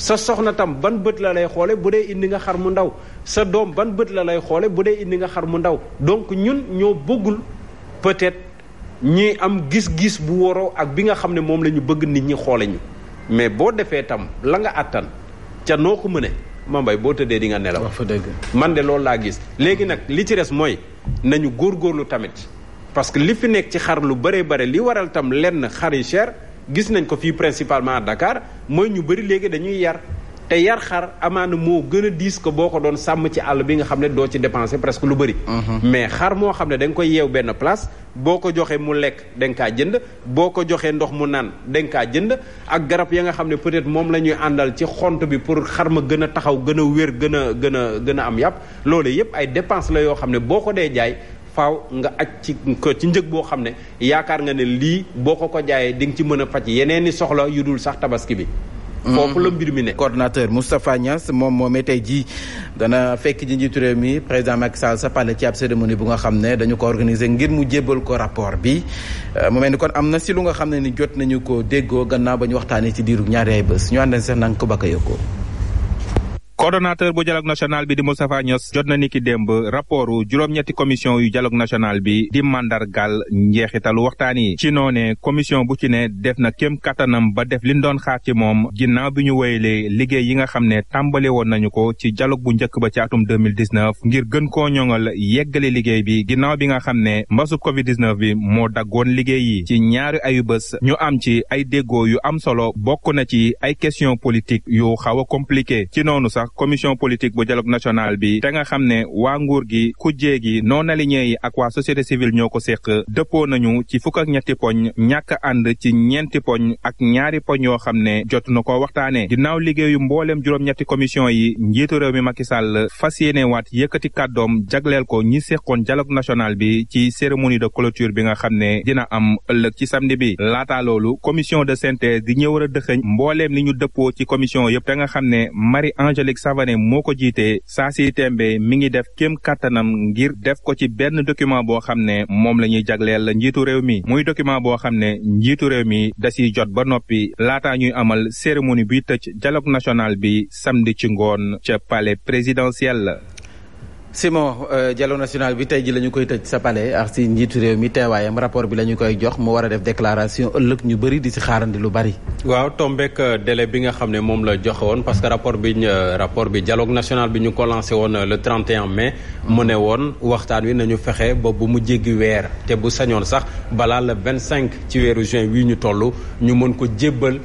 sa soxna tam ban bët la lay xoole bu dee indi nga xar mu ndaw sa doom ban bët la lay xoole bu dee indi nga xar mu ndaw donc ñun ñoo bëggul peut-être ñi am gis-gis bu waroo ak bi nga xam ne moom la ñu bëgg nit ñi xoole ñu mais boo defee tam la nga àttan ca noo ko mëne mambay boo tëddee di nga nelaw wax fa dëgg man de loolu laa gis léegi nag li ci des mooy nañu góor góorgóorlu tamit parce que li fi nekk ci xar lu bëree bare li waral tam lenn xar yi cher gis nañ ko fii principalement Dakar mooy ñu bëri léegi dañuy yar te yar xar amaana moo gën a diis ko boo ko doon sàmm ci àll bi nga xam ne doo ci dépenser presque lu bëri. Mhm. mais xar moo xam ne da koy yeew benn place boo ko joxee mu lekk da nga jënd boo ko joxee ndox mu naan da nga jënd ak garab ya nga xam ne peut-être moom la ñuy àndal ci xont bi pour xar ma gën a taxaw gën a wér gën a gën a gën a am yàpp loole yëpp ay dépense la yoo xam ne boo ko dee jaay faaw nga aj ci ko ci njëg boo xam ne yaakaar nga ne lii boo ko ko jaayee di nga ci mën a faj yeneen i soxla yu dul sax tabaski bi mhm. foofu la mbir mi ne coordinateur Moustapha Niass moom moomee tey jii dana fekk ji njiitu réew mi président Macky Sall sa pale ci ab cérémonie bu nga xam ne dañu ko organiser ngir mu jébbal ko rapport bi euh, mu mel ni kon am na si lu nga xam ne ni jot nañu ko déggoo gannaaw ba ñu waxtaanee ci diiru ñaari ay bés ñu àndeen sax nanga ko bakka yokkoo coordonnateur bu dialogue national bi di Moustapha Niass jot na ni ki démb rapportu juróom-ñetti commission yu dialogue national bi di màndargaal njeexitalu waxtaan yi ci noone commission bu ci ne def na kéem kattanam ba def liñ doon xaar ci moom ginnaaw bi ñu wéyalee liggéey yi nga xam ne tàmbali woon nañu ko ci dialogue bu njëkk ba ci atum 2019 ngir gën koo ñoŋal yeggale liggéey bi ginnaaw bi nga xam ne mbasub covid bi moo daggoon liggéey yi ci ñaari ayu bés ñu am ci ay déggoo yu am solo bokk na ci ay question politique yu xaw a compliqué ci noonu sax commission politique bu dialogue national bi te nga xam ne waa nguur gi kujjee gi non aligné yi ak waa société civile ñoo ko séq dëppoo nañu ci fukk ak ñetti poñ ñàkk ànd ci ñeenti poñ ak ñaari poñ yoo xam ne jot na ko waxtaanee ginnaaw liggéeyu mbooleem juróom-ñetti commission yi njiitu réew mi Macky Sall fas yéenewaat yëkkati kàddoom jagleel ko ñi séqoon dialogue national bi ci cérémonie de clôture bi nga xam ne dina am ëllëg ci samedi bi laataa loolu commission de synthèse di ñëw war a dëxëñ mbooleem li ñu dëppoo ci commission yëpp te nga xam ne Marie Angélique Félix moo ko jiitee saa si tembe mi ngi def kéem kàttanam ngir def ko ci benn document boo xam ne moom la ñuy jagleel njiitu réew mi muy dokument boo xam ne njiitu réew mi da siy jot ba noppi laataa ñuy amal cérémonie bi tëj dialogue national bi samdi ci ngoon ca palais présidentiel Simon jaloo euh, national bi tey ji la ñu koy tëj sa palais ak si njiitu réew mi teewaayam rapport bi lañu koy jox mu war a def déclaration ëllëg ñu bëri di si xaarandi lu bari waaw tombeek euh, délai bi nga xam ne moom la joxe woon parce que rapport bi euh, rapport bi dialogue national bi ñu ko lancé woon le 31 mais mu ne woon waxtaan wi nañu fexe ba bu mu jéggi weer te bu sañoon sax balaa la le cinq ci weeru juin wii ñu toll ñu mën ko jébbal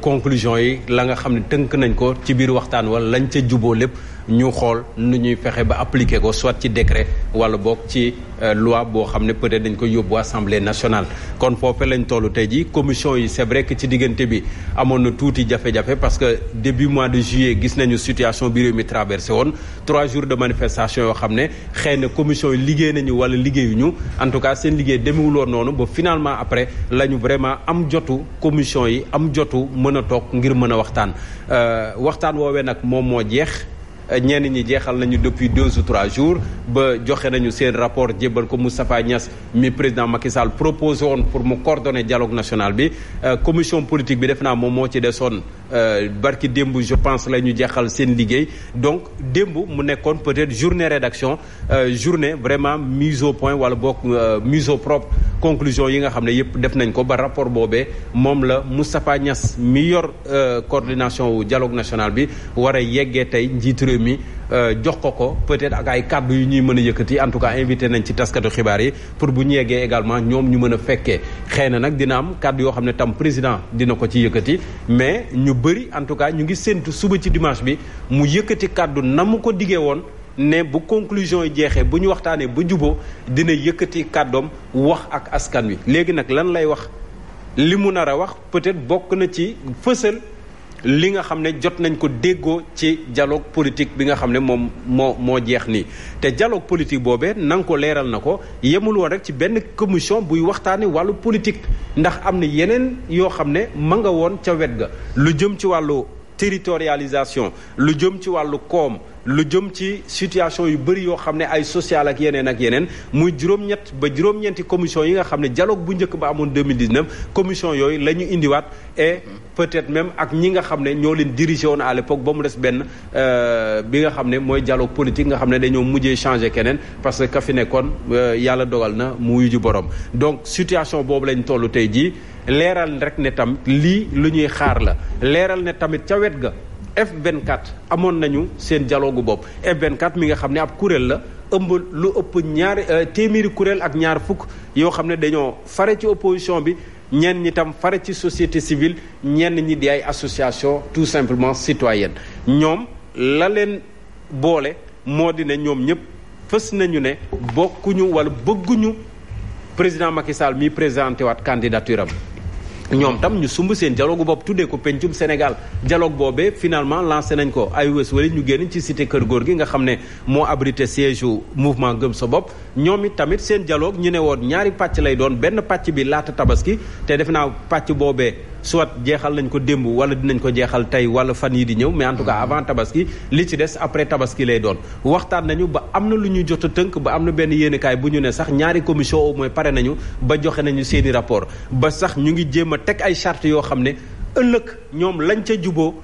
conclusion yi la nga xam ne tënk nañ ko ci biir waxtaan wala lañ ca juboo lépp. ñu xool nu ñuy fexe ba appliquer ko soit ci décret wala boog ci euh, loi boo xam ne peut-être dañ ko yóbbu assemblée nationale. kon foofe lañ tollu tey jii commission yi c'est vrai que ci diggante bi amoon na tuuti jafe-jafe parce que début mois de juillet gis nañu situation bi réew mi traversé woon trois jours de manifestation yoo xam ne xëy na commission yi liggéey nañu wala liggéeyuñu en tout cas seen liggéey demewuloon noonu ba finalement après la ñu vraiment am jotu commission yi am jotu mën a toog ngir mën a waxtaan euh, waxtaan woowee nag moom moo jeex ñenn ñi jeexal nañu depuis deux ou trois jours ba joxe nañu seen rapport jébbal ko Moustapha Niass mi président Macky Sall proposé woon pour mu coordonner dialogue national bi euh, commission politique bi def naa moom moo ci desoon euh, barki démb je pense la ñu jeexal seen liggéey donc démb mu nekkoon peut-être journée rédaction euh, journée vraiment mise au point wala boog mise au propre conclusion yi nga xam ne yëpp def nañ ko ba rapport boobee moom la Moustapha Niass mi yor euh, coordination wu dialogue national bi war a yeggee tey njiitu réew mi euh, jox ko ko peut-être ak ay kàddu yu ñuy mën a yëkkati en tout cas invité nañ ci taskatu xibaar yi pour bu ñu yeggee également ñoom ñu mën a fekkee xëy nag dina am kàddu yoo xam ne tam président dina ko ci yëkkati mais ñu bëri en tout cas ñu ngi séntu suba ci dimanche bi mu yëkkati kàddu na mu ko diggee woon ne bu conclusion yi jeexee bu ñu waxtaanee ba juboo dina yëkkati kàddoom wax ak askan wi léegi nag lan lay wax li mu nar a wax peut-être bokk na ci fësal li nga xam ne jot nañ ko déggoo ci jaloog politique bi nga xam ne moom moo moo jeex nii te dialogue politique boobee nang ko leeral na ko yemul woon rek ci benn commission buy waxtaanee wàllu politique ndax am na yeneen yoo xam ne ma nga woon ca wet ga lu jëm ci wàllu territorialisation lu jëm ci wàllu koom lu jëm ci situation yu bëri yoo xam ne ay social ak yeneen ak yeneen muy juróom-ñett ba juróom-ñeenti commission yi nga xam ne dialogue bu njëkk ba amoon 2019 commission yooyu la ñu indiwaat et peut-être même ak ñi nga xam ne ñoo leen dirigé woon à ba mu des benn euh, bi nga xam ne mooy dialogue politique nga xam ne dañoo mujjee changé keneen parce que ka fi nekkoon euh, yàlla dogal na mu wuyu borom donc situation boobu lañ toll tey jii leeral rek ne tam lii lu ñuy xaar la leeral ne tamit ca wet ga F24 amoon nañu seen dialogue bopp F24 mi nga xam ne ab kuréel la ëmb lu ëpp ñaari euh, téeméeri kuréel ak ñaar fukk yoo xam ne dañoo fare ci opposition bi ñenn ñi tam fare ci société civile ñenn ñi di ay association tout simplement citoyenne ñoom la leen boole moo di ne ñoom ñëpp fës nañu ne bokkuñu wala bëgguñu président Macky Sall mi présenté waat candidature am ñoom tam ñu sumb seen dialogue bopp tuddee ko pencum Sénégal dialogue boobee finalement lancé nañ ko ay wés wali ñu génn ci cité kër góor gi nga xam ne moo abrité siège mouvement gëm sa bopp ñoom it tamit seen jaloog ñu ne woon ñaari pàcc lay doon benn pàcc bi laata tabaski te def naa pàcc boobee soit jeexal nañ ko démb wala dinañ ko jeexal tey wala fan yi di ñëw mais en tout cas avant tabaski li ci des après tabaski lay doon waxtaan nañu ba am na lu ñu jot tënk ba am na benn yéenekaay bu ñu ne sax ñaari commission au moins pare nañu ba joxe nañu seeni rapport ba sax ñu ngi jéem a teg ay charte yoo xam ne ëllëg ñoom lañ ca juboo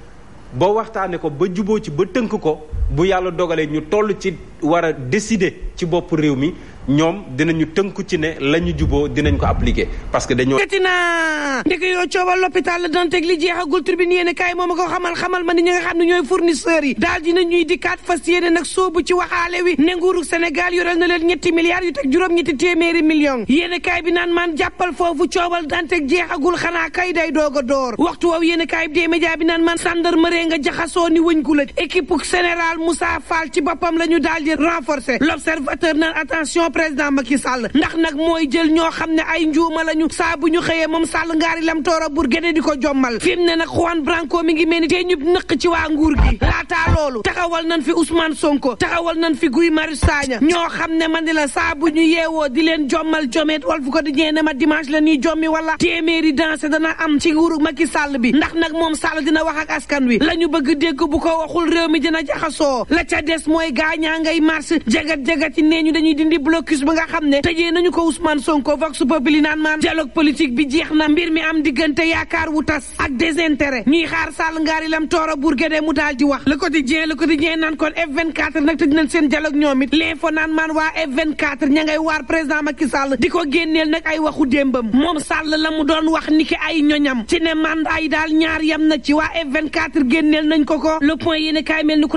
ba waxtaane ko ba juboo ci ba tënk ko bu yàlla dogalee ñu toll ci war a décider ci boppu réew mi ñoom dinañu tënku ci ne la ñu juboo dinañ ko appliqué parce que dañoo. gëti naa ndek yoo coowal l'hôpital la daan teg li jeexagul tribune yéen kaay moom a ko xamal xamal ma ni ñi nga xam ne ñooy dina ñuy dikkaat fas yéene nag soobu ci waxaale wi ne nguuru Sénégal yorel na leen ñetti milliards yu teg téeméeri millions yéen bi naan maan jàppal foofu coowal daan teg jeexagul xanaa kay day doog a door waxtu woowu yéen kaay bi dee média bi naan maan gendarmerie nga jaxasoo ni wëñ ku la équipe général Moussa Fall ci boppam la ñu daal di renforcer l'observateur naan attention président Macky Sall ndax nag mooy jël ñoo xam ne ay njuuma lañu saa ñu xëyee moom Sall ngaari lam toora bur géde di ko jommal fi mu ne nag Juan Branco mi ngi mel ni tey ñub nëq ci waa nguur gi laataa loolu taxawal nañ fi Ousmane Sonko taxawal nañ fi Guy Marius Sagna ñoo xam ne man di la saa ñu yeewoo di leen jommal jomeet Walf Quotidien ne ma dimanche la ñuy jommi wala téeméeri danse dana am ci nguuru Macky Sall bi ndax nag moom Sall dina wax ak askan wi la ñu bëgg dégg bu ko waxul réew mi dina jaxasoo la ca des mooy gaañaa ngay marche jagat jagat nee ñu dañuy dindi bloc blocus bi nga xam ne tëjee nañu ko Ousmane Sonko vox populi naan maan dialogue politique bi jeex na mbir mi am diggante yaakaar wu tas ak désintérêt ñuy xaar Sall ngaari lam toora Bourguédé mu daal di wax le quotidien le quotidien naan kon F24 tëj nañ seen dialogue ñoom it l'info naan maan waa F24 waar président Macky Sall di ko génneel nag ay waxu démbam moom Sall la mu doon wax ni ki ay ñoñam ci ne man ay daal ñaar yam na ci waa f génneel nañ ko ko le point yéen kaay mel ni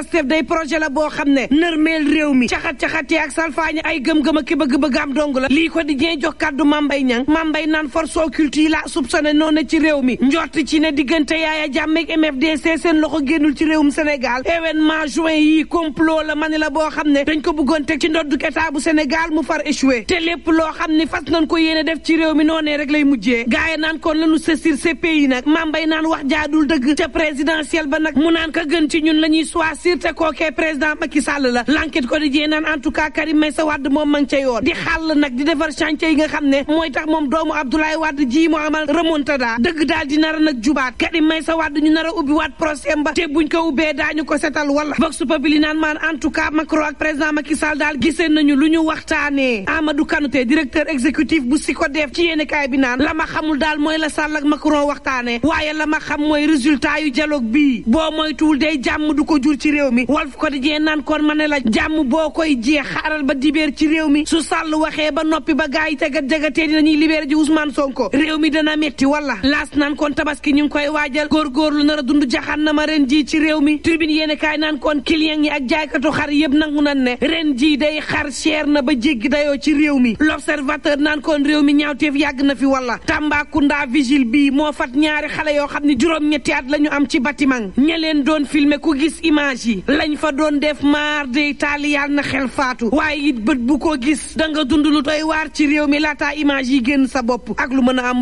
Pastef day projet la boo xam ne nërmeel réew mi caxat-caxat yi ak salfaañi ay gëm-gëm ak ki bëgg-bëgg am dong la lii ko di ñee jox kàddu mambay ñang mambay naan force occulte yi la soupçonné noonu na ci réew mi njort ci ne diggante yaay yaaya jàmmeeg MFDC seen loxo génnul ci réew réewum Sénégal événement juin yi complot la ma ne la boo xam ne dañ ko bëggoon teg ci ndoddu état bu Sénégal mu far échoué te lépp loo xam ni fas nañ ko yéene def ci réew mi noonee rek lay mujjee gaay naan kon lañu saisir CPI nag mambay naan wax jaadul dëgg ca présidentiel ba nag mu naan gën ci ñun la ñuy choisir réussir te kookee président Macky Sall la l'enquête ko di jee naan en tout cas Karim moom ma ngi di xàll nag di defar chantier yi nga xam ne mooy tax moom doomu Abdoulaye Wade ji mu amal remontada dëgg daal di nar a nag jubaat Karim Meïssa Wade ñu nar a ubbi waat procès ba te buñ ko ubbee daañu ko setal wala vox populi naan maan en tout cas Macron ak président Macky Sall daal gisee nañu lu ñu waxtaanee Amadou Kanouté directeur exécutif bu SYCODEF ci yéenekaay bi naan la ma xamul mooy la Sall ak Macron yu dialogue bii boo moytuwul day jàmm du ci réew mi Walf Quotidien naan kon ma ne la jàmm boo koy jeex xaaral ba dibéer ci réew mi su Sall waxee ba noppi ba gaa yi jagat jagatee dinañuy libéré ji Ousmane Sonko réew mi dana metti wala laas naan kon tabaski ñu ngi koy waajal góorgóorlu nar a dund jaxaan na ma ren ji ci réew mi tribune yéen kaay naan kon client yi ak jaaykatu xar yëpp nangu nan ne ren ji day xar cher na ba jéggi dayoo ci réew mi l'observateur naan koon réew mi ñaawteef yàgg na fi wala Tambacounda vigile bii moo fat ñaari xale yoo xam ne juróom-ñetti at la ñu am ci bâtiment ña géej yi lañ fa doon def maar de taali na xel faatu waaye it bët bu ko gis da nga dund lu doy waar ci réew mi laata image yi génn sa bopp ak lu mën a am